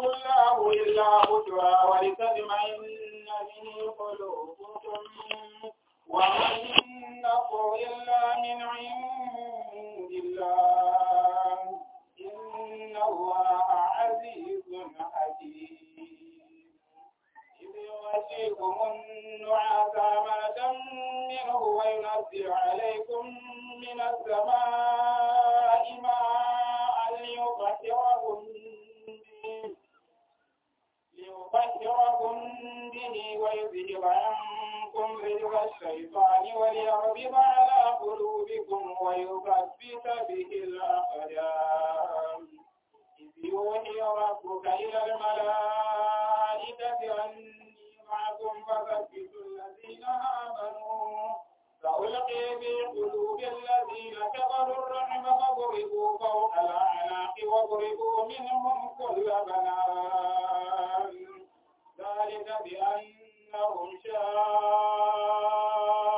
جعله الله إلا هدوى ولتطمئن به قلوبكم وما النصر إلا من عند الله إن الله عزيز حكيم إذ يغشيكم النعاس أمانة منه وينزل عليكم من السماء دينه ويذهب عنكم رجل الشيطان وليغضب على قلوبكم ويثبت به الأقدام إذ يوحي ربك إلى الملائكة أني معكم فثبتوا الذين آمنوا فألقي في قلوب الذين كفروا الرحم فضربوا فوق الأعناق واضربوا منهم كل بنان ذلك بأنهم شاقوا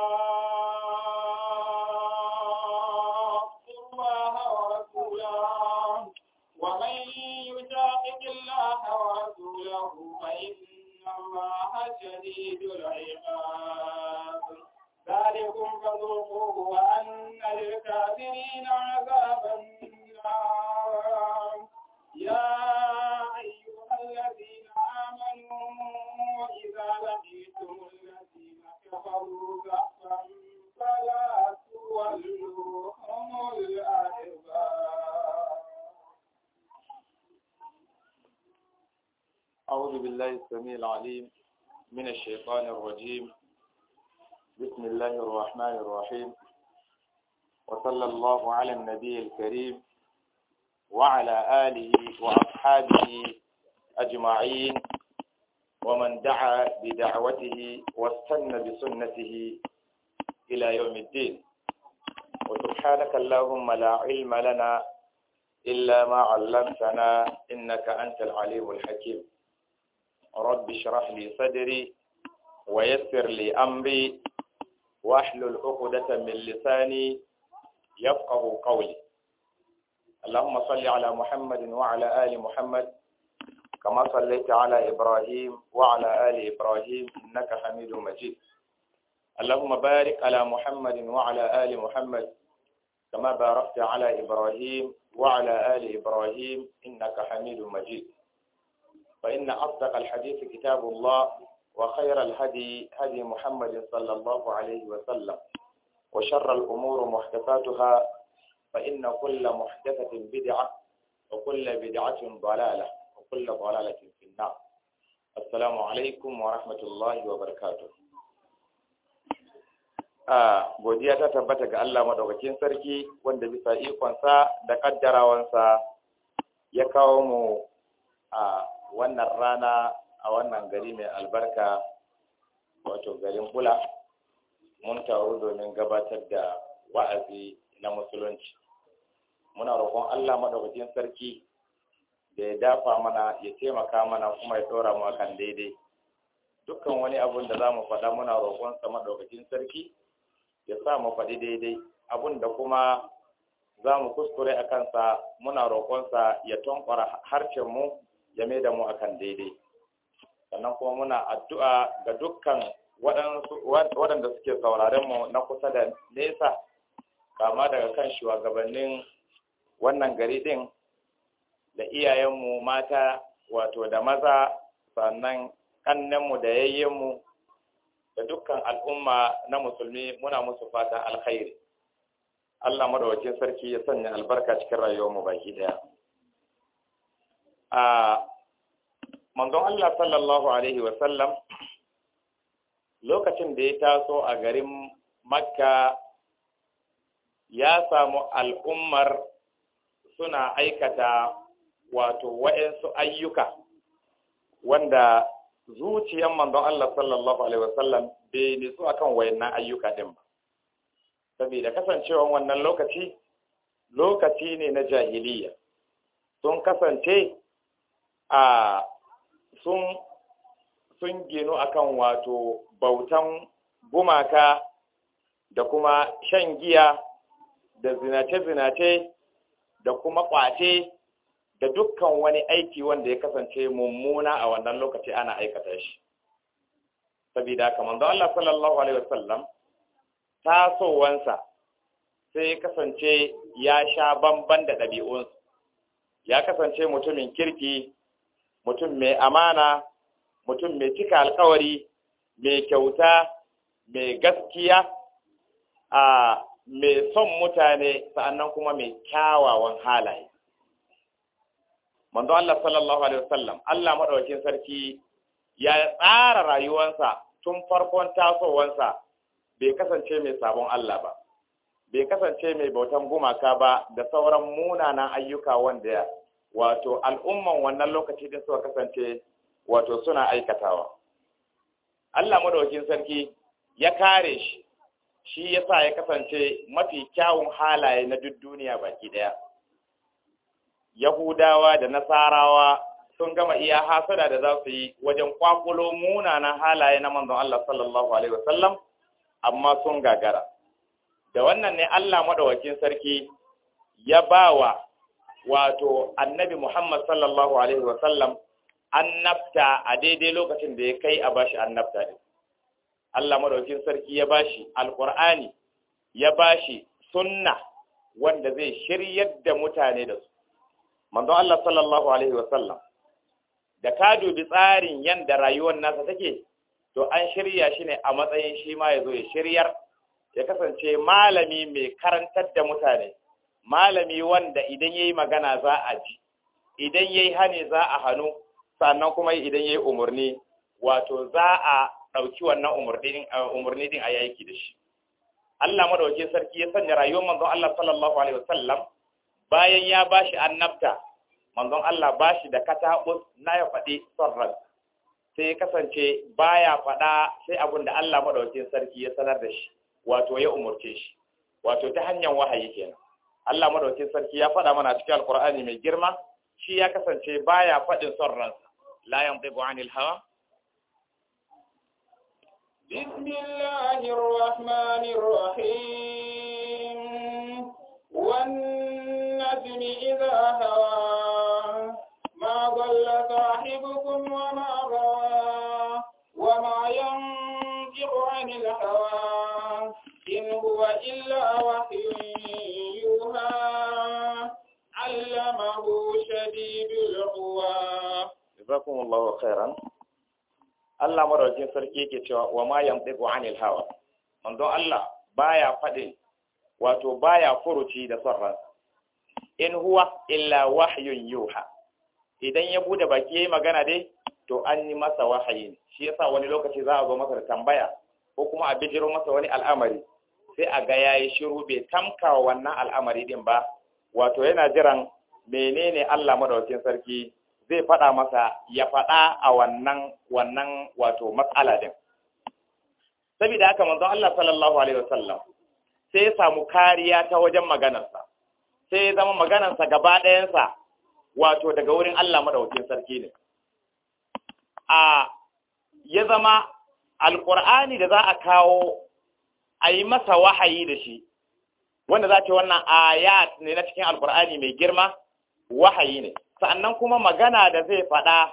الرجيم بسم الله الرحمن الرحيم وصلى الله على النبي الكريم وعلى آله وأصحابه أجمعين ومن دعا بدعوته واستنى بسنته إلى يوم الدين وسبحانك اللهم لا علم لنا إلا ما علمتنا إنك أنت العليم الحكيم رب اشرح لي صدري ويسر لي أمري واحلل عقدة من لساني يفقه قولي اللهم صل على محمد وعلى آل محمد كما صليت على إبراهيم وعلى آل إبراهيم إنك حميد مجيد اللهم بارك على محمد وعلى آل محمد كما باركت على إبراهيم وعلى آل إبراهيم إنك حميد مجيد فإن أصدق الحديث كتاب الله وخير الهدي هدي محمد صلى الله عليه وسلم وشر الأمور محدثاتها فإن كل محدثة بدعة وكل بدعة ضلالة وكل ضلالة في النار السلام عليكم ورحمة الله وبركاته a godiya ta tabbata ga Allah madaukakin sarki wanda bisa ikonsa da kaddarawansa ya kawo mu a wannan rana a wannan gari mai albarka wato garin bula mun taru domin gabatar da wa'azi na musulunci muna roƙon allah maɗaukacin sarki da ya dafa mana ya taimaka mana kuma ya ɗora mu akan daidai dukkan wani abun da za mu faɗa muna roƙonsa maɗaukacin sarki ya sa mu faɗi daidai abun da kuma za mu kuskure a kansa muna roƙonsa ya tankwara harshenmu ya mai da mu akan daidai sannan kuma muna addu'a ga dukkan waɗanda suke sauraren mu na kusa da nesa kama daga kan shugabannin wannan gari ɗin, da iyayenmu mata wato da maza sannan ƙannenmu da yayyenmu da dukkan al'umma na musulmi muna musu fatan alkhairi Allah madawacin sarki ya sanya albarka cikin rayuwarmu baki ɗaya. Ah, manzon Allah sallallahu alaihi wasallam lokacin da ya taso a garin makka ya samu al'ummar suna aikata wato waɗansu ayyuka wanda zuciyar manzon Allah sallallahu alaihi wasallam bai nitsu akan wayannan ayyuka din ba saboda kasancewan wannan lokaci lokaci ne na jahiliya sun kasance a sun sun ginu akan wato bautan gumaka da kuma shan giya da zinace-zinace da kuma kwace da dukkan wani aiki wanda ya kasance mummuna a wannan lokaci ana aikata shi sabida kamar da Allah sallallahu alaihi wasallam tasowansa sai kasance ya sha bamban da ɗabi'unsu ya kasance mutumin kirki mutum mai amana mutum mai cika alkawari mai kyauta mai gaskiya a mai son mutane sa'annan kuma mai kyawawan halaye manzo Allah sallallahu alaihi wasallam Allah maɗaukin sarki ya tsara rayuwansa tun farkon tasowansa bai kasance mai sabon Allah ba bai kasance mai bautan gumaka ba da sauran munanan ayyuka wanda ya. wato al'umman wannan lokaci da suka kasance wato suna aikatawa Allah madaukakin sarki ya kare shi shi yasa ya kasance mafi kyawun halaye na duk duniya baki daya Yahudawa da Nasarawa sun gama iya hasada da za su yi wajen kwakulo munanan halaye na manzon Allah sallallahu alaihi wasallam amma sun gagara da wannan ne Allah madawakin sarki ya bawa wato annabi Muhammad sallallahu alaihi wa sallam annabta a daidai lokacin da ya kai a bashi annabta ne Allah madaukin sarki ya bashi alqur'ani ya bashi sunna wanda zai shiryar da mutane da su manzo Allah sallallahu alaihi wa sallam da ka dubi tsarin yanda rayuwar nasa take to an shirya shi ne a matsayin shi ma ya zo ya shiryar ya kasance malami mai karantar da mutane malami wanda idan yayi magana za a ji idan yayi hane za a hannu sannan kuma idan yayi umurni wato za a dauki wannan umurni din eh, a yaki da shi Allah madaukakin sarki ya sanya rayuwar manzon Allah sallallahu alaihi wasallam bayan ya bashi annabta manzon Allah bashi da kataus na ya faɗi sarran sai kasance baya faɗa sai abin da Allah madaukakin sarki ya sanar da shi wato ya umarce shi wato ta hanyar wahayi kenan Allah madaukakin sarki ya faɗa mana cikin alkur'ani mai girma shi ya kasance baya faɗin son ransa la yanṭiqu 'anil hawa bismillahir rahmanir rahim wan najmi idha hawa ma dhalla sahibukum wa ma ghawa wa ma yanṭiqu 'anil hawa in huwa illa wahyun ذي بالعوى Allah madaukin sarki yake cewa wa ma yamtiqu anil hawa Allah baya faɗi wato baya furuci da son in huwa illa wahyun yuha idan ya bude baki yayi magana dai to an yi masa wahayi shi yasa wani lokaci za a zo masa da tambaya ko kuma a bijiro masa wani al'amari sai a ga yayi shiru bai tamka wannan al'amari din ba wato yana jiran menene Allah madaukin sarki zai faɗa masa ya faɗa a wannan wannan wato matsala din saboda haka manzon Allah sallallahu alaihi wasallam sai ya samu kariya ta wajen maganarsa sai ya zama maganarsa gaba ɗayansa wato daga wurin Allah madaukin sarki ne a ya zama alƙur'ani da za a kawo a yi masa wahayi da shi wanda za ce wannan ayat ne na cikin alkur'ani mai girma wahayi ne sannan kuma magana da zai faɗa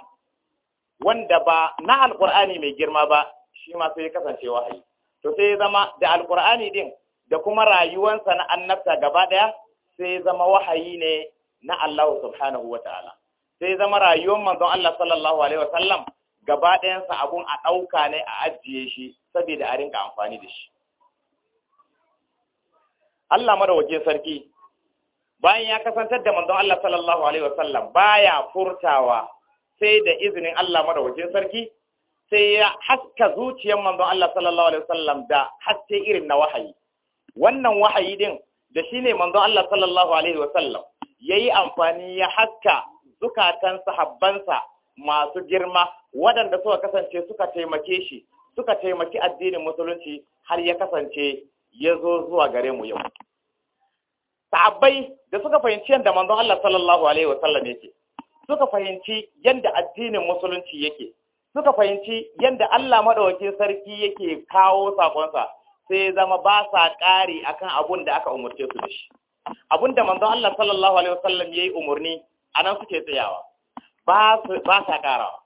wanda ba na alƙur'ani mai girma ba shi ma sai kasance wahayi to sai zama da alƙur'ani din da kuma rayuwansa na annabta gaba ɗaya sai zama wahayi ne na Allah subhanahu wa sai zama rayuwar manzon Allah sallallahu alaihi wa sallam gaba ɗayansa abun a ɗauka ne a ajiye shi saboda a rinka amfani da shi Allah madawakin sarki bayan ya kasantar da manzon Allah sallallahu alaihi wasallam baya furtawa sai da izinin Allah madawacin sarki sai ya haska zuciyar manzon Allah sallallahu alaihi wasallam da haske irin na wahayi wannan wahayi din da shine manzon Allah sallallahu alaihi wasallam yayi amfani ya haska zukatan sahabbansa masu girma waɗanda suka kasance suka taimake shi suka taimaki addinin musulunci har ya kasance ya zo zuwa gare mu yau sahabbai da suka fahimci yadda manzo Allah sallallahu alaihi wasallam yake suka fahimci yadda addinin musulunci yake suka fahimci yadda Allah madaukakin sarki yake kawo sakonsa sai zama ba sa ƙari akan abun da aka umurce su da shi abun da manzo Allah sallallahu alaihi wasallam yayi umurni anan suke tsayawa ba ba sa ƙarawa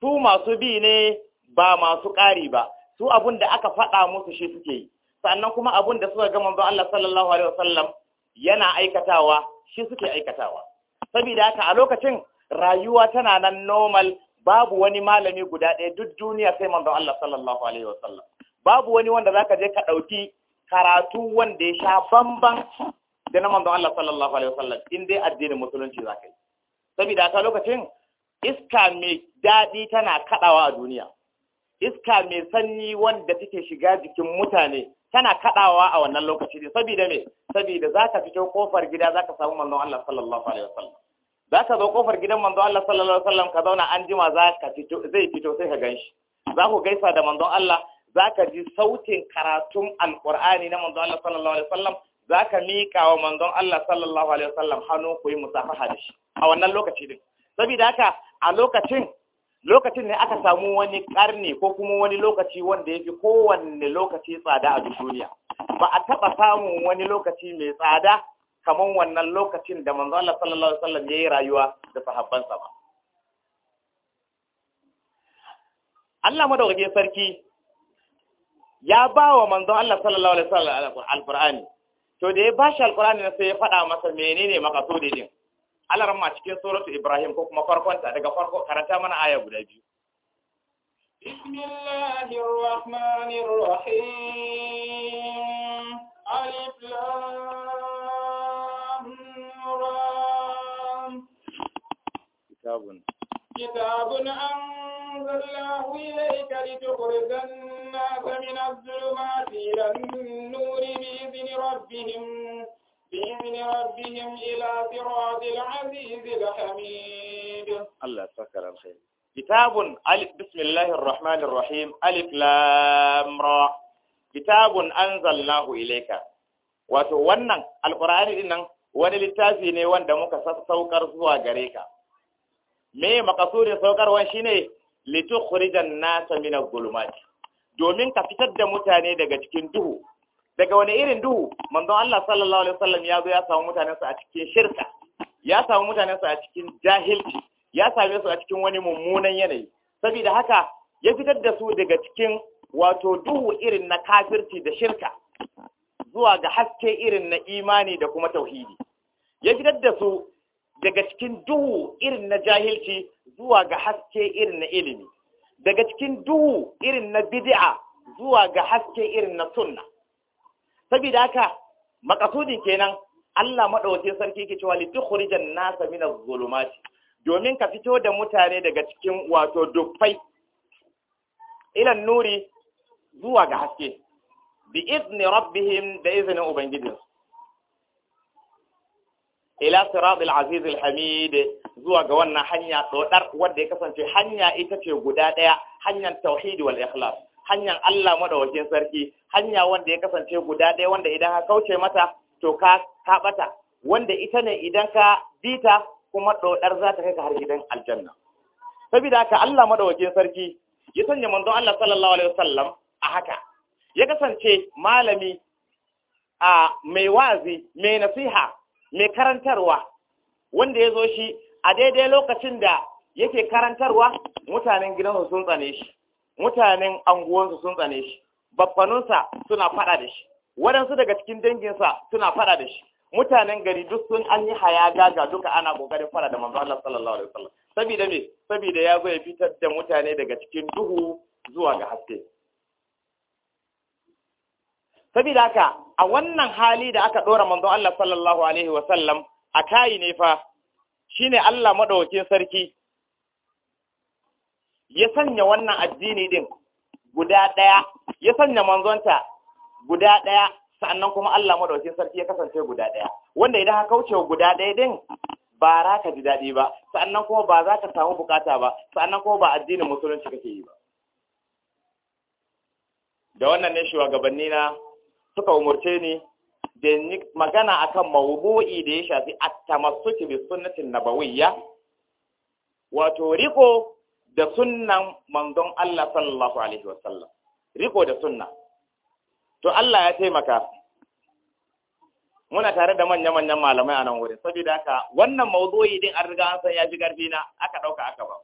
su masu bi ne ba masu ƙari ba su abun da aka faɗa musu shi suke yi sannan kuma abun da suka ga manzo Allah sallallahu alaihi wasallam yana aikatawa shi suke aikatawa saboda haka a lokacin rayuwa tana nan normal babu wani malami guda ɗaya duk duniya sai manzo Allah sallallahu alaihi wasallam babu wani wanda zaka je ka dauki karatu wanda ya sha bamban da na manzo Allah sallallahu alaihi wasallam in dai addinin musulunci zaka yi saboda haka lokacin iska mai daɗi tana kaɗawa a duniya iska mai sanyi wanda take shiga jikin mutane tana kaɗawa a wannan lokaci ne saboda me saboda zaka fito kofar gida zaka samu manzon Allah sallallahu alaihi wasallam zaka zo kofar gidan manzon Allah sallallahu alaihi wasallam ka zauna an jima zaka fito zai fito sai ka ganshi za ku gaisa da manzon Allah zaka ji sautin karatun alqur'ani na manzon Allah sallallahu alaihi wasallam zaka mika wa manzon Allah sallallahu alaihi wasallam hannu ku yi musafaha da shi a wannan lokaci din saboda haka a lokacin lokacin ne aka samu wani karni ko kuma wani lokaci wanda ya fi kowanne lokaci tsada a duniya ba a taɓa samun wani lokaci mai tsada kamar wannan lokacin da manzo Allah sallallahu alaihi wasallam yi rayuwa da sahabbansa ba Allah madaukake sarki ya ba wa manzo Allah sallallahu alaihi wasallam alqur'ani to da ya bashi alqur'ani sai ya faɗa masa menene makasudin a cikin suratu ibrahim ko kuma farkonta daga farko karanta mana aya guda biyu bismillahir rahmanir rahim alif lam ra kitabun kitabun anzalallahu ilayka litukhrijan بإذن ربهم إلى صراط العزيز الحميد الله سكر الخير كتاب بسم الله الرحمن الرحيم ألف لام را كتاب أنزلناه إليك wato wannan alkur'ani din wani littafi ne wanda muka saukar zuwa gare ka me makasudin saukarwan shine litukhrijan nasa min adh domin ka fitar da mutane daga cikin duhu daga wani irin duhu manzon Allah sallallahu alaihi wasallam ya zo ya samu sa a cikin shirka ya samu sa a cikin jahilci ya same su a cikin wani mummunan yanayi saboda haka ya fitar da su daga cikin wato duhu irin na kafirci da shirka zuwa ga haske irin na imani da kuma tauhidi ya fitar da su daga cikin duhu irin na jahilci zuwa ga haske irin na ilimi daga cikin duhu irin na bid'a zuwa ga haske irin na sunna saboda haka makasudi kenan Allah madawacin sarki yake cewa khurijan nasa min az domin ka fito da mutane daga cikin wato dufai ilan nuri zuwa ga haske bi izni rabbihim da izinin ubangijin ila siratil aziz hamid zuwa ga wannan hanya dodar wanda ya kasance hanya ita ce guda daya hanyar tauhidi wal ikhlas hanyar Allah madawakin sarki hanya wanda ya kasance guda ɗaya wanda idan ka kauce mata to ka kaɓata wanda ita ne idan ka bita kuma dodar za ta kai ka har gidan aljanna saboda haka Allah madawakin sarki ya sanya manzon Allah sallallahu alaihi wasallam a haka ya kasance malami a mai wazi mai nasiha mai karantarwa wanda ya zo shi a daidai lokacin da yake karantarwa mutanen gidansu sun tsane shi mutanen anguwansu sun tsane shi baffanunsa suna faɗa da shi waɗansu daga cikin danginsa suna faɗa da shi mutanen gari duk sun an yi haya gaga duka ana ƙoƙarin fara da manzo Allah sallallahu alaihi wasallam saboda me saboda ya zo ya fitar da mutane daga cikin duhu zuwa ga haske saboda haka a wannan hali da aka dora manzo Allah sallallahu alaihi wasallam a kai ne fa shine Allah madaukakin sarki ya sanya wannan addini din guda ɗaya ya sanya manzonta guda ɗaya sannan kuma Allah madaukin sarki ya kasance guda ɗaya wanda idan ka kauce guda ɗaya din ba za ka ji daɗi ba sannan kuma ba za ka samu bukata ba sannan kuma ba addinin musulunci kake yi ba da wannan ne shugabanni na suka umurce ni da magana akan mawdu'i da ya shafi at-tamassuki bi sunnatin nabawiyya wato riko da sunnan manzon Allah sallallahu alaihi wasallam riko da sunna to Allah ya taimaka muna tare da manya-manyan malamai a nan wurin saboda haka wannan mawdu'i din an riga an san ya ji garbi na aka ɗauka aka ba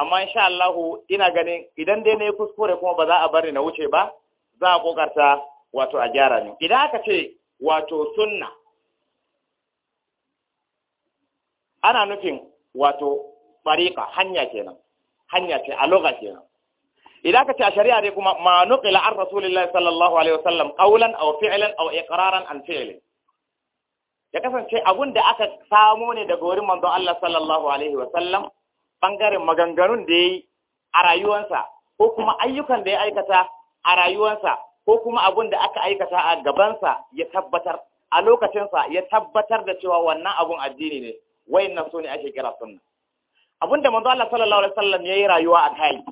amma insha Allah ina ganin idan dai na yi kuskure kuma ba za a bari na wuce ba za a kokarta wato a gyara ni idan aka ce wato sunna ana nufin wato fariqa hanya kenan hanya ce a lugha kenan idan ka ce a shari'a dai kuma ma nuqila an rasulillahi sallallahu alaihi wasallam qawlan aw fi'lan aw iqraran an fi'li ya kasance abun da aka samo ne daga wurin manzo Allah sallallahu alaihi wasallam bangaren maganganun da yayi a rayuwarsa ko kuma ayyukan da ya aikata a rayuwarsa ko kuma abun da aka aikata a gabansa ya tabbatar a lokacinsa ya tabbatar da cewa wannan abun addini ne wayannan su ne ake kira sunna abinda manzo Allah sallallahu alaihi wasallam yayi rayuwa a kai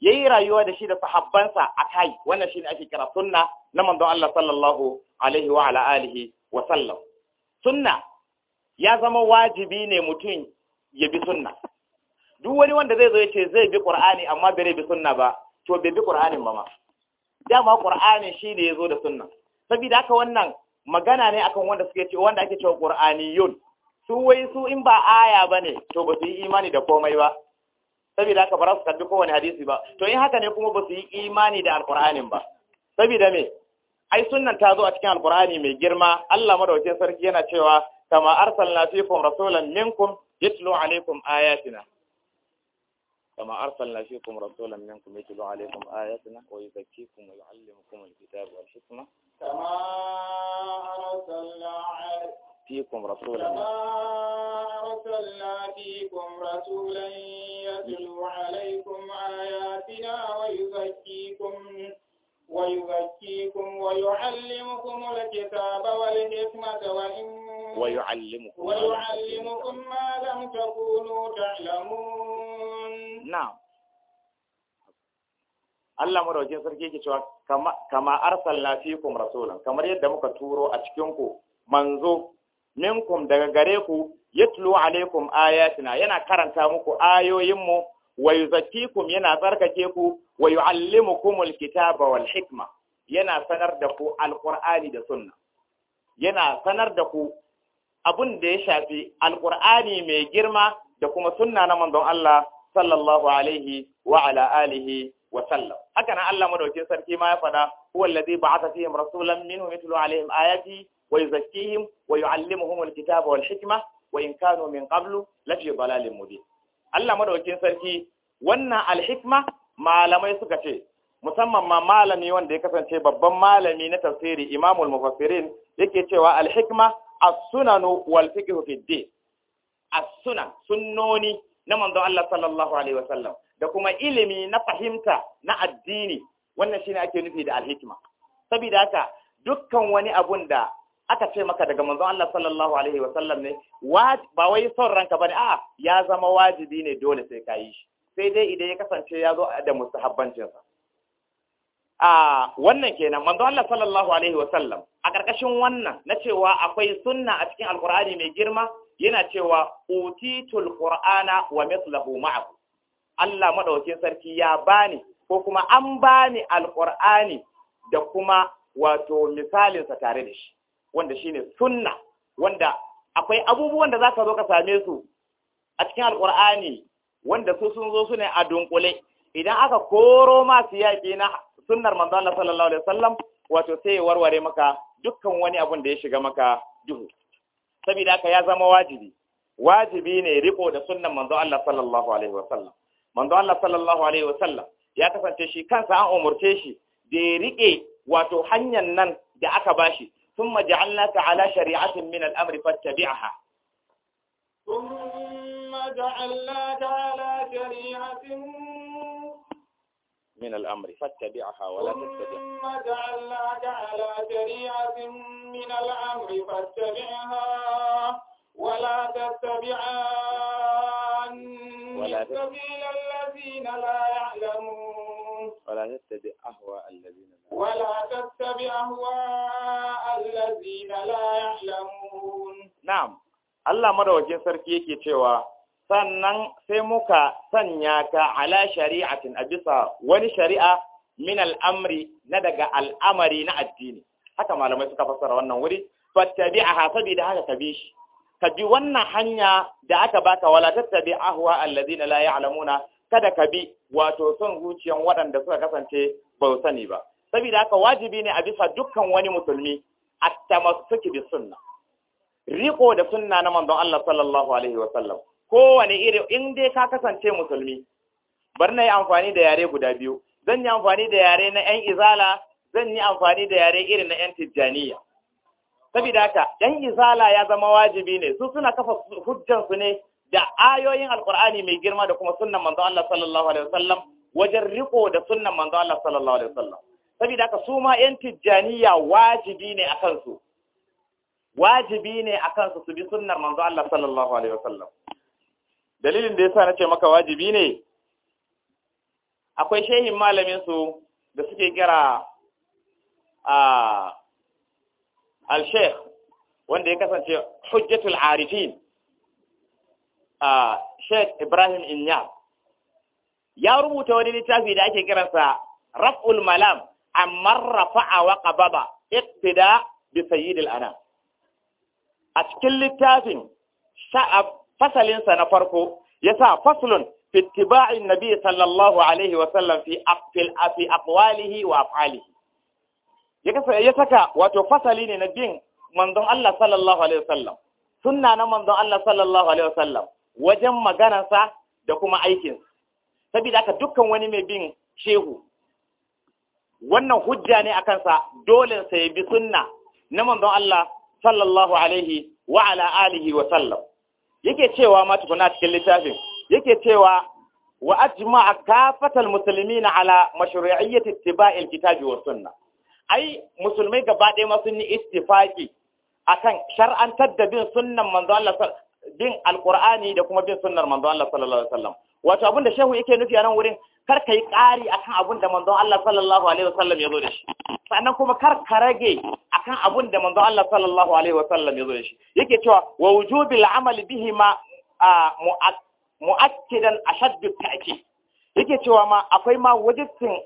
yayi rayuwa da shi da sahabbansa a kai wannan shine ake kira sunna na manzo Allah sallallahu alaihi wa ala alihi wa sallam sunna ya zama wajibi ne mutum ya bi sunna duk wani wanda zai zo ya ce zai bi qur'ani amma bai bi sunna ba to bai bi qur'anin ba ma dama qur'ani shine yazo da sunna saboda haka wannan magana ne akan wanda suke ce wanda ake cewa qur'aniyun su wai su in ba aya ba ne to ba su yi imani da komai ba saboda haka ba za su karbi kowane hadisi ba to in haka ne kuma ba su yi imani da alkur'anin ba saboda me ai sunnan ta zo a cikin alkur'ani mai girma Allah madaukakin sarki yana cewa kama arsalna fikum rasulan minkum yatlu alaikum ayatina kama arsalna fikum rasulan minkum yatlu alaikum ayatina wa yuzakkikum wa yuallimukum alkitaba wal hikma kama arsalna alaikum فيكم رسولا كما أرسلنا فيكم رسولا يتلو عليكم آياتنا ويزكيكم ويزكيكم ويعلمكم الكتاب والحكمة وإن ويعلمكم ويعلمكم ما لم تكونوا تعلمون نعم Allah maraukin sarki yake cewa kama arsalna fikum rasulan kamar yadda muka turo a cikin ku manzo minkum daga gare ku yatlu alaikum ayatina yana karanta muku ayoyinmu wa yuzakkikum yana tsarkake ku wa yuallimukumul kitaba wal hikma yana sanar da ku alqur'ani da sunna yana sanar da ku abun da ya shafi alqur'ani mai girma da kuma sunna na manzon Allah sallallahu alaihi wa ala alihi wa sallam haka nan Allah madaukin sarki ma ya fada huwa allazi ba'atha fihim rasulan minhum yatlu alaihim ayati ويزكيهم ويعلمهم الكتاب والحكمة وإن كانوا من قبل لفي ضلال مبين Allah madaukakin sarki wannan alhikma malamai suka ce musamman ma malami wanda ya kasance babban malami na tafsiri Imamul Mufassirin yake cewa alhikma as-sunanu wal fiqhu fi din as-sunan sunnoni na manzon Allah sallallahu alaihi wasallam da kuma ilimi na fahimta na addini wannan shine ake nufi da alhikma sabida haka dukkan wani abun da aka ce maka daga manzon Allah sallallahu alaihi sallam ne ba wai son ranka bane a ya zama wajibi ne dole sai ka shi sai dai idan ya kasance ya zo da mustahabbancin sa a wannan kenan manzon Allah sallallahu alaihi sallam a karkashin wannan na cewa akwai sunna a cikin alqur'ani mai girma yana cewa utitul qur'ana wa mithluhu ma'akum Allah madaukakin sarki ya bani ko kuma an bani alqur'ani da kuma wato misalinsa tare da shi wanda shine sunna wanda akwai abubuwan da zaka zo ka same su a cikin alqur'ani wanda su sun zo su ne a dunkule idan aka koro ma siyaki na sunnar manzo Allah sallallahu alaihi wasallam wato sai warware maka dukkan wani abun da ya shiga maka duhu saboda ka ya zama wajibi wajibi ne riko da sunnan manzo Allah sallallahu alaihi wasallam manzo Allah sallallahu alaihi wasallam ya kasance shi kansa an umurce shi da ya rike wato hanyar nan da aka bashi ثم جعلناك على شريعة من الأمر فاتبعها ثم جعلناك على شريعة من الأمر فاتبعها ولا تتبع ثم جعلناك على شريعة من الأمر فاتبعها ولا تتبع ولا سبيل الذين لا يعلمون ولا تتبع أهواء الذين لا ولا تتبع أهواء الذين لا يعلمون نعم Allah madawacin sarki yake cewa sannan sai muka sanya ka ala shari'atin a bisa wani shari'a min al'amri na daga al'amari na addini haka malamai suka fassara wannan wuri fattabi a hasabi da haka tabi shi ka bi wannan hanya da aka baka wala tattabi ahwa allazina la ya'lamuna kada ka bi wato son zuciyan waɗanda suka kasance ba sani ba saboda haka wajibi ne a bisa dukkan wani musulmi at-tamassuki bi sunna riko da sunna na manzon Allah sallallahu alaihi wa sallam kowane iri in dai ka kasance musulmi bar na yi amfani da yare guda biyu zan yi amfani da yare na yan izala zan yi amfani da yare irin na yan tijjaniya saboda haka yan izala ya zama wajibi ne su suna kafa hujjan su ne da ayoyin alqur'ani mai girma da kuma sunnan manzon Allah sallallahu alaihi wa sallam wajen riko da sunnan manzon Allah sallallahu alaihi wa sallam saboda haka su ma ‘yan tijjaniya wajibi ne a kansu, wajibi ne a kansu su bi sunnar manzo Allah sallallahu Alaihi wasallam. Dalilin da ya sa na ce maka wajibi ne, akwai shehin su da suke kira a al-sheikh wanda ya kasance hujjatul arifin a sheikh Ibrahim Inyar. Ya rubuta wani littafi da ake kiransa Raf'ul Malam amma rafa'a wa qababa iqtida bi sayyidil anam a cikin littafin fasalinsa na farko ya sa fi fittiba'in nabi sallallahu alaihi wasallam fi fi aqwalihi wa af'alihi ya saka wato fasali ne na bin manzon Allah sallallahu alaihi wa sallam, sunna na manzon Allah sallallahu alaihi wa sallam wajen maganarsa da kuma aikinsa saboda haka dukkan wani mai bin shehu wannan hujja ne akan sa dole sa ya bi sunna na manzon Allah sallallahu alaihi wa ala alihi wa sallam yake cewa ma tukuna cikin littafin yake cewa wa ajma'a kafatal muslimina ala mashru'iyyati ittiba'i alkitabi was sunna ai musulmai gaba ɗaya ma sun yi istifaki akan shar'antar da bin sunnan manzo Allah bin alqur'ani da kuma bin sunnar manzon Allah sallallahu alaihi wasallam wato abinda shehu yake nufi a nan wurin kar ka yi ƙari akan abin da manzon Allah sallallahu alaihi wasallam ya zo da shi sannan kuma kar ka rage akan abin da manzon Allah sallallahu alaihi wasallam ya zo da shi yake cewa wa wujubil amal bihi ma mu'akkidan ashadd ta'kid yake cewa ma akwai ma wajibin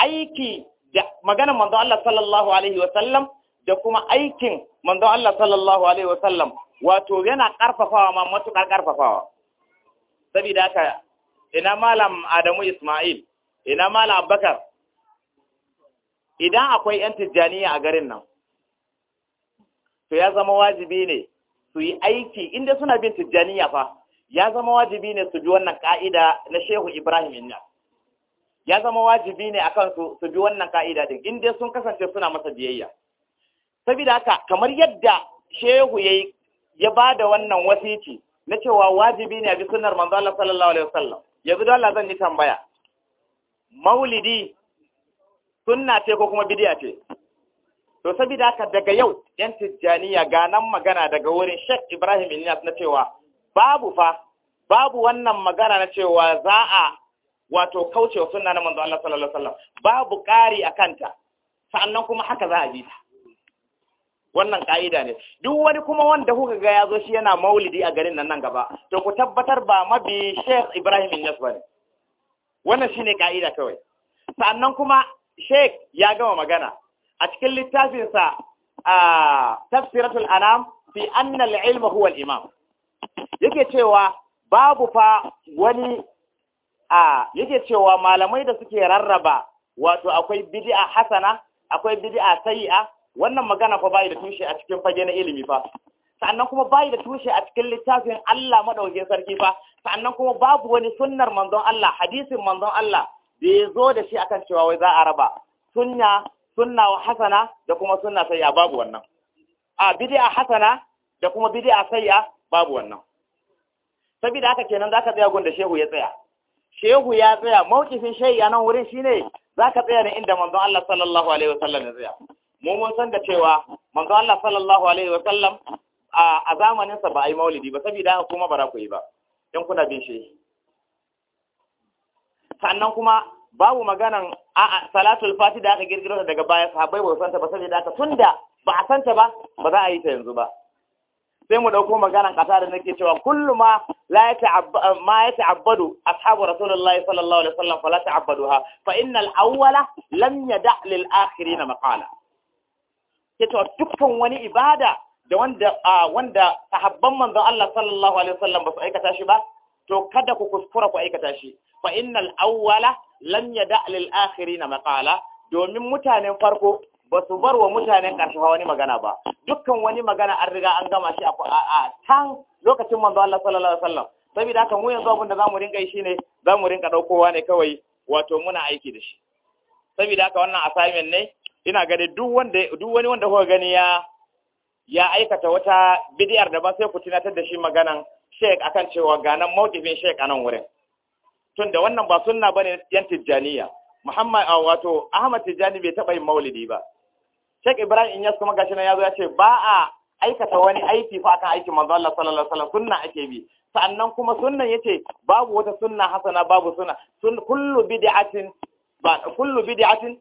aiki da maganar manzon Allah sallallahu alaihi wasallam da kuma aikin manzo Allah sallallahu alaihi wasallam wato yana karfafawa ma matukar karfafawa saboda haka ina malam Adamu Ismail ina malam Abubakar idan akwai yan tijjaniya a garin nan to ya zama wajibi ne su yi aiki inda suna bin tijjaniya fa ya zama wajibi ne su bi wannan ka'ida na Shehu Ibrahim Inna ya zama wajibi ne akan su su bi wannan ka'ida din inda sun kasance suna masa biyayya saboda haka kamar yadda shehu ya ya bada wannan wasici na cewa wajibi ne a bi sunnar manzo Allah sallallahu alaihi wasallam yanzu da Allah zan yi tambaya maulidi sunna ce ko kuma bid'a ce to saboda haka daga yau yan tijjaniya ga nan magana daga wurin Sheikh Ibrahim Inyas na cewa babu fa babu wannan magana na cewa za a wato kaucewa sunna na manzo Allah sallallahu alaihi wasallam babu ƙari akanta sa'annan kuma haka za a bi ta wannan ka'ida ne duk wani kuma wanda kuka ga ya zo shi yana maulidi a garin nan nan gaba to ku tabbatar ba mabi Sheikh Ibrahim Inyas bane wannan shine ka'ida kawai sannan kuma Sheikh ya gama magana a cikin littafin sa a Tafsiratul Anam fi anna al-ilm huwa al-imam yake cewa babu fa wani a yake cewa malamai da suke rarraba wato akwai bid'a hasana akwai bid'a sayi'a wannan magana fa bayi da tushe a cikin fage na ilimi fa sannan kuma bayi da tushe a cikin littafin Allah madaukakin sarki fa sannan kuma babu wani sunnar manzon Allah hadisin manzon Allah da ya zo da shi akan cewa wai za a raba sunna sunna wa hasana da kuma sunna sayya babu wannan a bid'a hasana da kuma bid'a sayya babu wannan saboda haka kenan zaka tsaya gunda shehu ya tsaya shehu ya tsaya mawkifin shehi a nan wurin shine zaka tsaya ne inda manzon Allah sallallahu alaihi wasallam ya tsaya mu mun san da cewa manzo Allah sallallahu alaihi wa sallam a zamanin sa ba ai maulidi ba saboda haka kuma bara ku yi ba dan kuna bin shi sannan kuma babu maganan a salatul fati da aka girgiro daga baya sahabbai ba san ta ba saboda haka tunda ba a san ta ba ba za a yi ta yanzu ba sai mu dauko maganan kasa da nake cewa kullu ma la ta'abba ma yata'abbadu ashabu rasulullahi sallallahu alaihi wasallam fala ta'abbaduha fa innal awwala lam yada' lil akhirin maqala yace dukkan wani ibada da wanda wanda sahabban manzon Allah sallallahu alaihi wasallam ba su aikata shi ba to kada ku kuskura ku aikata shi fa innal awwala lam yada lil akhirin maqala domin mutanen farko ba su bar wa mutanen ƙarshe wani magana ba dukkan wani magana an riga an gama shi a tan lokacin manzo Allah sallallahu alaihi wasallam saboda haka mu yanzu abin da zamu rinka yi shine zamu rinka daukowa ne kawai wato muna aiki da shi saboda haka wannan assignment ne ina gani duk wanda wani wanda kuka gani ya ya aikata wata bid'ar da ba sai ku tunatar da shi maganan sheik akan cewa ganan mawqifin sheik anan wurin Tun da wannan ba sunna bane yan tijjaniya Muhammad ah, wato Ahmad Tijjani bai taba yin maulidi ba sheik Ibrahim Inyas kuma gashi nan yazo ya ce ba a aikata wani aiki fa akan aiki manzo Allah sallallahu alaihi wasallam sunna ake bi sannan kuma sunnan yace babu wata sunna hasana babu sunna sun kullu bid'atin ba kullu bid'atin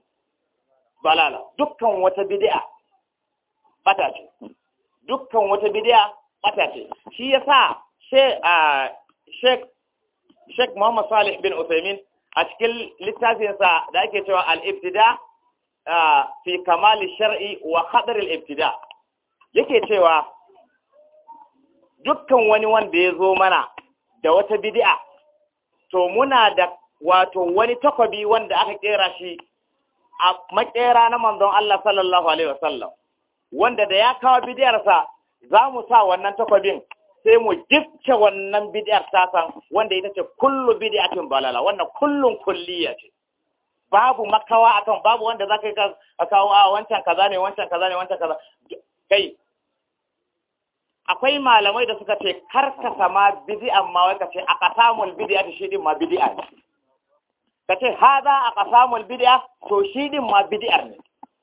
balala dukkan wata bid'a bata ce dukkan wata bid'a bata ce shi yasa Sheikh Sheikh Muhammad Salih bin Uthaymeen a cikin littafinsa da ake cewa al-ibtida fi kamal shar'i wa khadar al-ibtida yake cewa dukkan wani wanda ya zo mana da wata bid'a to muna da wato wani takwabi wanda aka kera shi a makera na manzon Allah sallallahu alaihi wasallam wanda da ya kawo bidiyarsa za mu sa wannan takwabin sai mu gifce wannan bidiyar tasan wanda ita ce kullu bidiyatin balala wannan kullun kulliya ce babu makawa akan babu wanda za ka yi a kawo a ah, wancan kaza ne wancan kaza ne wancan kaza kai akwai malamai da suka ce karkasa ma bidi'an ma wai ka ce a kasamul bidi'a shi din ma bidi'a ne ka ce haza a kasamul bidiya to shi din ma bidiyar ne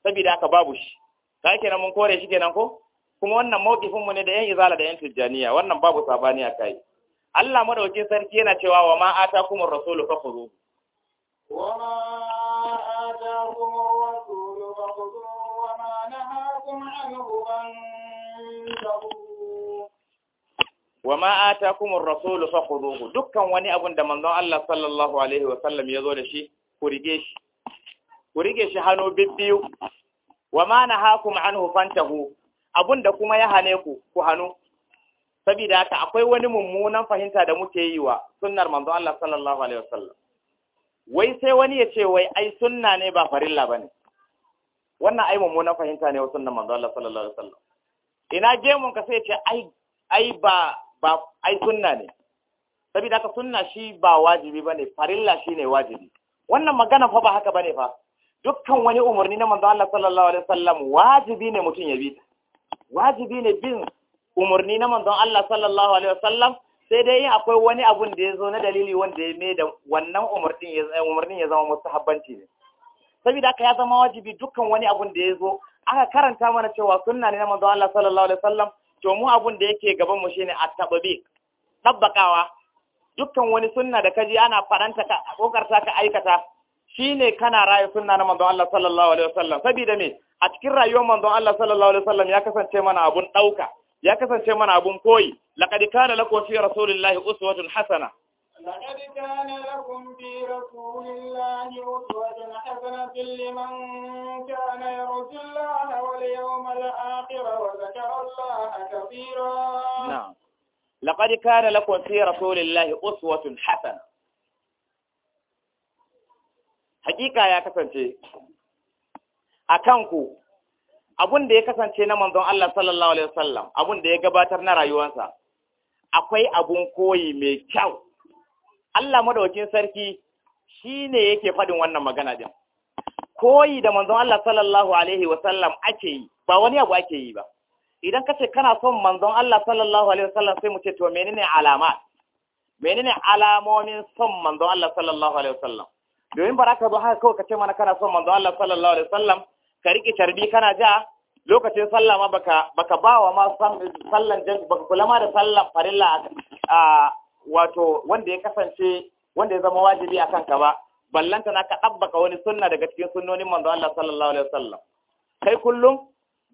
saboda aka babu shi ka nan mun kore shi kenan ko kuma wannan mawqifin mu ne da yan izala da yan tijjaniya wannan babu sabani a kai Allah madauki sarki yana cewa wa ma kuma rasulu fakhuzuhu wa ma kuma rasulu zo wa ma nahakum anhu ku. wa ma atakumur rasul fakhuduhu dukkan wani abun da manzon Allah sallallahu alaihi wa sallam yazo da shi ku rige shi ku rige shi hannu bibbiyu wa ma nahakum anhu fantahu abun da kuma ya hane ku ku hannu saboda haka akwai wani mummunan fahimta da muke yi wa sunnar manzon Allah sallallahu alaihi sallam wai sai wani ya ce wai ai sunna ne ba farilla bane wannan ai mummunan fahimta ne wa sunnar manzon Allah sallallahu alaihi sallam ina gemun ka sai ya ce ai ai ba ba ai sunna ne saboda haka sunna shi ba wajibi bane farilla shine wajibi wannan magana fa ba haka bane fa dukkan wani umarni na manzo Allah sallallahu alaihi wasallam wajibi ne mutum ya bi wajibi ne bin umarni na manzo Allah sallallahu alaihi wasallam sai dai akwai wani abun da ya zo na dalili wanda ya mai da wannan umarnin ya eh, zama mustahabbanci ne saboda haka ya zama wajibi dukkan wani abun da ya zo aka karanta mana cewa sunna ne na manzo Allah sallallahu alaihi wasallam to mu abun da yake gaban mu shine at-tabbiq tabbakawa dukkan wani sunna da kaji ana faranta ka kokarta ka aikata shine kana rayu sunna na manzon Allah sallallahu alaihi wasallam Sabida me a cikin rayuwar manzon Allah sallallahu alaihi wasallam ya kasance mana abun dauka ya kasance mana abun koyi laqad kana lakum fi rasulillahi uswatun hasana لقد كان لكم في رسول الله أسوة حسنة لمن كان يرجو الله واليوم الآخر وذكر الله كثيرا نعم لقد كان لكم في رسول الله أسوة حسنة حقيقة يا كسنتي أكنكو abun da ya kasance na manzon Allah sallallahu alaihi wasallam abun da ya gabatar na rayuwarsa akwai abun koyi mai kyau Allah madaukin sarki shine yake faɗin wannan magana din koyi da manzon Allah sallallahu alaihi wasallam ake yi ba wani abu ake yi ba idan ka ce kana son manzon Allah sallallahu alaihi wasallam sai mu ce to menene alama menene alamomin son manzon Allah sallallahu alaihi wasallam domin baraka zo haka kawai ka ce mana kana son manzon Allah sallallahu alaihi wasallam ka rike tarbi kana ja lokacin sallah ma baka baka bawa ma sallan jan baka kula ma da sallan farilla a wato wanda ya kasance wanda ya zama wajibi a kanka ba ballanta na ka ɗabbaka wani sunna daga cikin sunnonin manzo Allah sallallahu alaihi wasallam kai kullum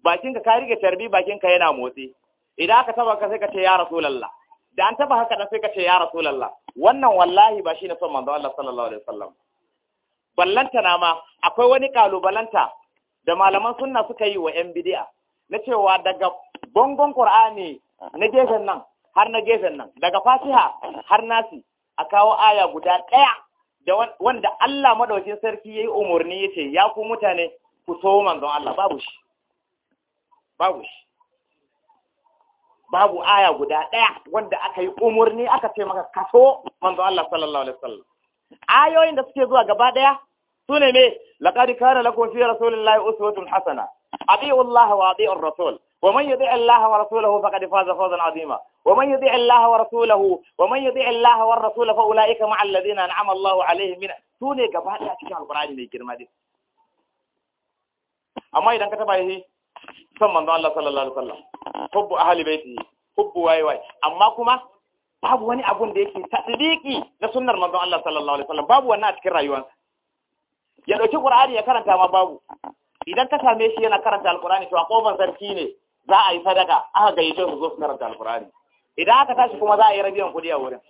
bakinka ka rike tarbi bakinka yana motsi idan aka taba ka sai ka ce ya rasulullah da an taba haka na sai ka ce ya rasulullah wannan wallahi ba shine son manzo Allah sallallahu alaihi wasallam ballanta na ma akwai wani kalubalanta da malaman sunna suka yi wa yan bid'a na cewa daga bangon Qur'ani na gefen nan har na gefen nan daga fatiha har nasi a kawo aya guda ɗaya da wanda Allah madaukin sarki yayi umarni yace ya ku mutane ku so manzon Allah babu shi babu shi babu aya guda ɗaya wanda aka yi umarni aka ce maka so manzon Allah sallallahu alaihi wasallam ayoyin da suke zuwa gaba ɗaya sune me laqad kana lakum fi rasulillahi uswatun hasana abi'u Allah wa abi'u rasul ومن يطع الله ورسوله فقد فاز فوزا عظيما ومن يطع الله ورسوله ومن يطع الله والرسول فاولئك مع الذين انعم الله عليهم من سونه gaba da cikin alqur'ani mai girma din amma idan ka taba yi son manzon Allah sallallahu alaihi wasallam hubbu ahli baiti hubbu wayi wayi amma kuma babu wani abun da yake tadliki na sunnar manzon Allah sallallahu alaihi wasallam babu wannan a cikin rayuwarsa ya dauki qur'ani ya karanta ma babu idan ka same shi yana karanta alqur'ani to a kofar sarki ne za a yi sadaka aka gayyace su zo su karanta alkur'ani idan aka tashi kuma za a yi rabiyan kuɗi a wurin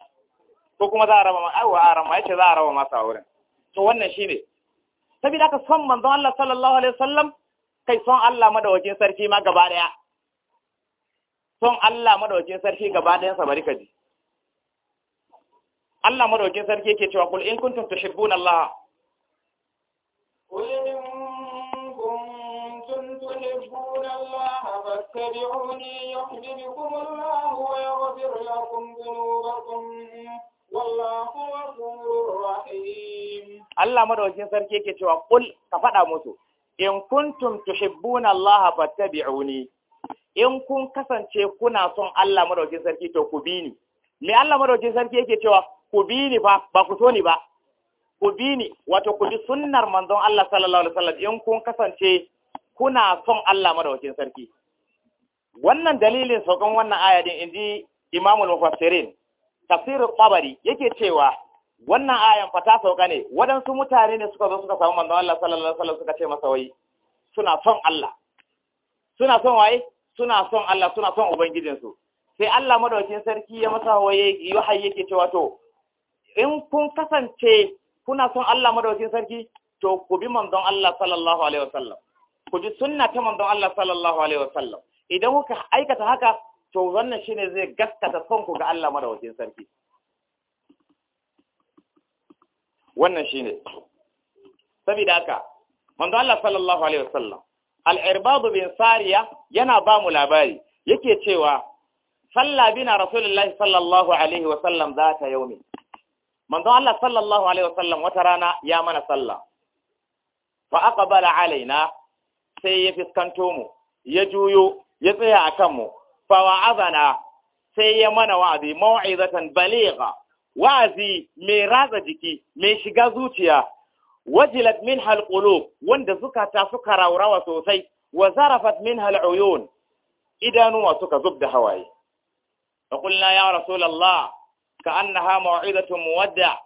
ko kuma za a raba masa aiwa a rama ce za a raba masa a wurin to wannan shi shine saboda ka son manzo Allah sallallahu alaihi wasallam kai son Allah madawakin sarki ma gaba daya son Allah madawakin sarki gaba dayan sa barika ji Allah madawakin sarki yake cewa kul in kuntum tuhibbuna Allah kul in فاتبعوني يحببكم الله ويغفر لكم ذنوبكم والله غفور رحيم الله مدوكين سركي yake cewa kul ka faɗa musu in kuntum tuhibbuna Allah fattabi'uni in kun kasance kuna son Allah madaukin sarki to ku bi ni me Allah madaukin sarki yake cewa ku bi ni fa ba ku so ni ba ku bi ni wato ku bi sunnar manzon Allah sallallahu alaihi wasallam in kun kasance kuna son Allah madaukakin sarki wannan dalilin saukan wannan ayadin in ji imamul mufassirin tafsirin tsabari yake cewa wannan ayan fa ta sauka ne waɗansu mutane ne suka zo suka samu manzon Allah sallallahu alaihi wasallam suka ce masa wai suna son Allah suna son waye suna son Allah suna son ubangijinsu sai Allah madaukin sarki ya masa waye wahayi yake cewa to in kun kasance kuna son Allah madaukin sarki to ku bi manzon Allah sallallahu alaihi wasallam ku bi sunna ta manzon Allah sallallahu alaihi wasallam idan kuka aikata haka to wannan shine zai gaskata sonku ga Allah madawacin sarki wannan shine saboda haka manzo Allah sallallahu alaihi wasallam al-irbad bin sariya yana ba mu labari yake cewa salla bina rasulullahi sallallahu alaihi wasallam zata yaumi manzo Allah sallallahu alaihi wasallam wata rana ya mana sallah fa aqbala alaina sai ya fiskanto mu ya juyo ya tsaya a kanmu fawa azana sai ya mana wa'azi mawa'izatan baligha wa'azi mai ratsa jiki mai shiga zuciya wajilat min halqulub wanda zukata suka raurawa sosai wa zarafat min haluyun idanuwa suka da hawaye ya ka an رسول الله كأنها mu wadda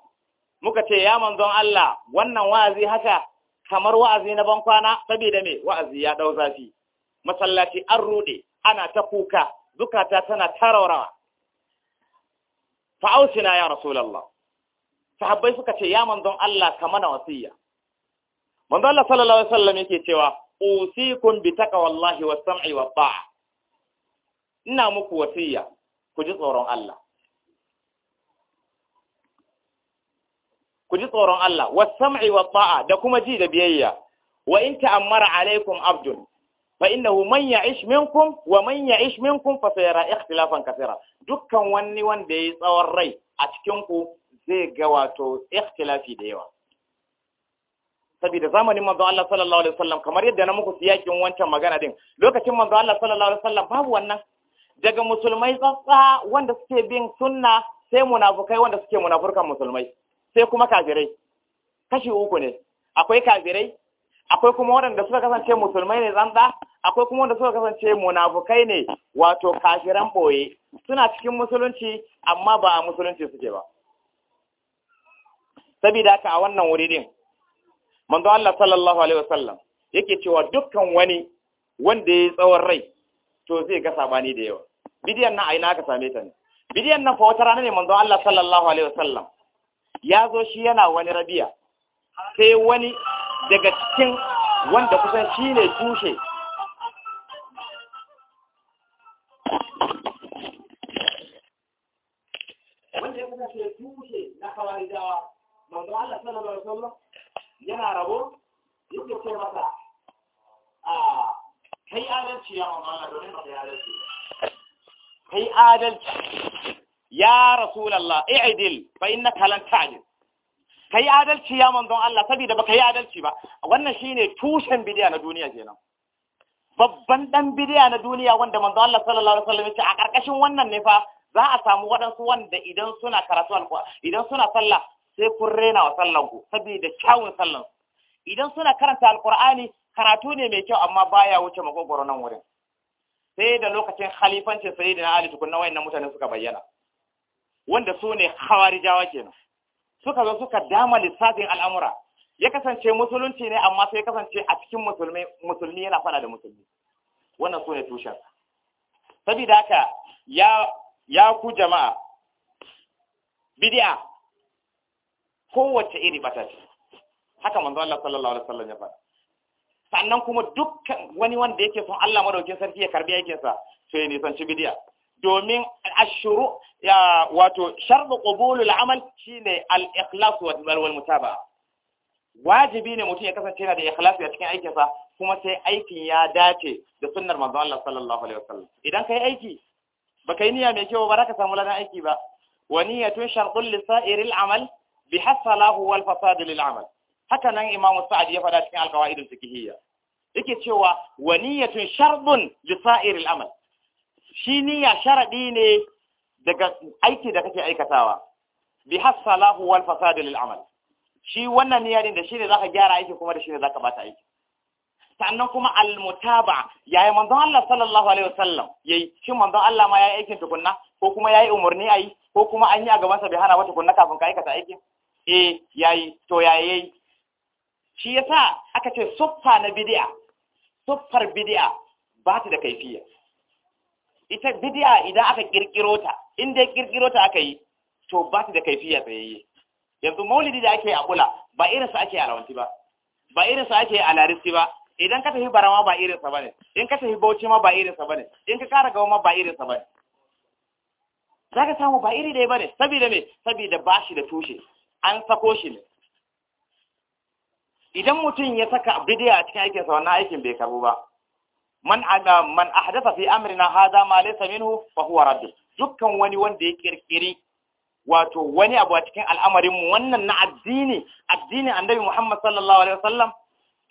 muka ce ya manzon Allah wannan wa'azi haka kamar wa'azi na bankwana saboda me wa'azi ya dau zafi masallaci an rude ana ta kuka zukata tana taraurawa fa'ausina ya rasulallah. sahabbai suka ce ya manzon Allah ka mana wasiya manzon Allah sallallahu alaihi wasallam yake cewa usikum bi taqwallahi was sam'i wat ta'a ina muku wasiya ku ji tsoron Allah ku ji tsoron Allah was sam'i wat ta'a da kuma ji da biyayya wa in ta'ammara alaikum abdun fa innahu man ya'ish minkum wa man ya'ish minkum fa sayara ikhtilafan kathira dukkan wani wanda yayi tsawon rai a cikin ku zai ga wato ikhtilafi da yawa saboda zamanin manzo Allah sallallahu alaihi wasallam kamar yadda na muku siyakin wancan magana din lokacin manzo Allah sallallahu alaihi wasallam babu wannan daga musulmai tsatsa wanda suke bin sunna sai munafukai wanda suke munafurkan musulmai sai kuma kafirai kashi uku ne akwai kafirai akwai kuma waɗanda suka kasance musulmai ne tsantsa akwai kuma wanda suka kasance munafukai ne wato kafiran boye suna cikin musulunci amma ba a musulunci suke ba saboda ka a wannan wuri din manzo Allah sallallahu alaihi wasallam yake cewa dukkan wani wanda ya tsawon rai to zai ga sabani da yawa bidiyan nan aina aka same ta ne bidiyan nan fa wata rana ne manzo Allah sallallahu alaihi wasallam ya zo shi yana wani rabiya sai wani daga cikin wanda kusan shine tushe wanda ya kasance tushe na kawarijawa manzo Allah sallallahu alaihi wasallam yana rabo yake ce masa a kai adalci ya manzo Allah domin ba kai adalci kai adalci ya rasulullah i'dil fa innaka lan ta'dil kai adalci ya manzo Allah saboda baka yi adalci ba wannan shine tushen bidiya na duniya kenan babban dan bidiya na duniya wanda manzo Allah sallallahu alaihi wasallam ya ce a karkashin wannan ne fa za a samu waɗansu wanda idan suna karatu idan suna sallah sai kun rena wa sallan ku saboda kyawun sallan idan suna karanta alƙur'ani karatu ne mai kyau amma baya wuce magogoro nan wurin sai da lokacin khalifancin sayyidina Ali na wayannan mutane suka bayyana wanda su ne hawarijawa kenan suka zo suka dama lissafin al'amura ya kasance musulunci ne amma sai kasance a cikin musulmi musulmi yana fada da musulmi wannan su ne tushen sabida haka ya ya ku jama'a bid'a kowace iri bata ce haka manzo Allah sallallahu alaihi wasallam ya faɗa sannan kuma dukkan wani wanda yake son Allah madaukin sarki ya karbi aikin sa to ya nisanci bid'a domin ashuru ya wato sharbu qabulul amal shine al-ikhlas wal mutaba wajibi ne mutum ya kasance yana da Ikhlas a cikin aikinsa kuma sai aikin ya dace da sunnar manzo Allah sallallahu alaihi wasallam idan kai aiki baka yi niyya mai kyau ba za ka samu ladan aiki ba tun niyyatun shartun lisa'iril amal bi hasalahu wal fasad lil amal haka nan imamu sa'ad ya faɗa cikin alqawaidul fiqhiyya yake cewa tun niyyatun shartun lisa'iril amal shi niyya sharaɗi ne daga aiki da kake aikatawa bi hasalahu wal fasad lil amal shi wannan niyya din da shi ne ka gyara aiki kuma da shi ne zaka bata aiki sannan kuma almutaba yayi manzon Allah sallallahu alaihi wasallam yayi shin manzon Allah ma yayi aikin tukunna ko kuma yayi umarni ayi ko kuma an yi a gaban sa bai hana ba tukunna kafin ka aikata aikin eh yayi to yayi shi yasa aka ce suffa na bid'a suffar bid'a ba ta da kaifiya ita bid'a idan aka kirkiro ta inda ya kirkiro ta aka yi to ba ta da kaifiya tsayayye yanzu maulidi da ake a kula ba irin irinsa ake a lawanti ba ba irin irinsa ake a laristi ba idan ka tafi barama ba irin sa bane in ka tafi bauchi ma ba irin sa bane in ka kara gawa ma ba irin sa bane zaka samu ba iri ɗaya bane saboda me saboda bashi da tushe an sako shi ne idan mutum ya saka bidiya a cikin aikinsa wannan aikin bai karbu ba man man ahdatha fi amrina hadha ma laysa minhu fa huwa radd dukkan wani wanda ya kirkiri wato wani abu a cikin al'amarin mu wannan na addini addinin annabi Muhammad sallallahu alaihi wasallam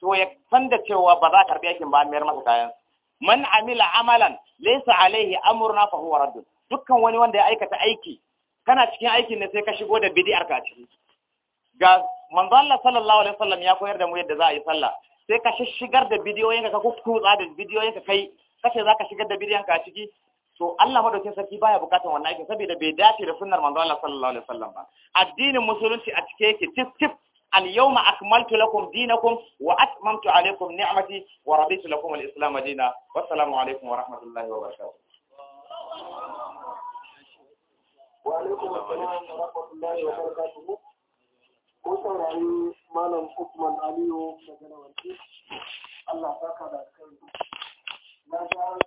to ya san da cewa ba za a karbi aikin ba an mayar masa kayan man amila amalan laysa alaihi amruna fa huwa raddun dukkan wani wanda ya aikata aiki kana cikin aikin ne sai ka shigo da bid'ar ka ciki ga manzo Allah sallallahu alaihi wasallam ya koyar da mu yadda za a yi sallah sai ka shigar da bidiyoyin ka kukkutsa da bidiyoyin ka kai kace za ka shigar da bidiyon ka ciki to Allah madaukin sarki baya bukatan wannan aikin saboda bai dace da sunnar manzo Allah sallallahu alaihi wasallam ba addinin musulunci a cike yake tif tif اليوم أكملت لكم دينكم وأتممت عليكم نعمتي ورضيت لكم الإسلام دينا والسلام عليكم ورحمة الله وبركاته وعليكم السلام ورحمة الله وبركاته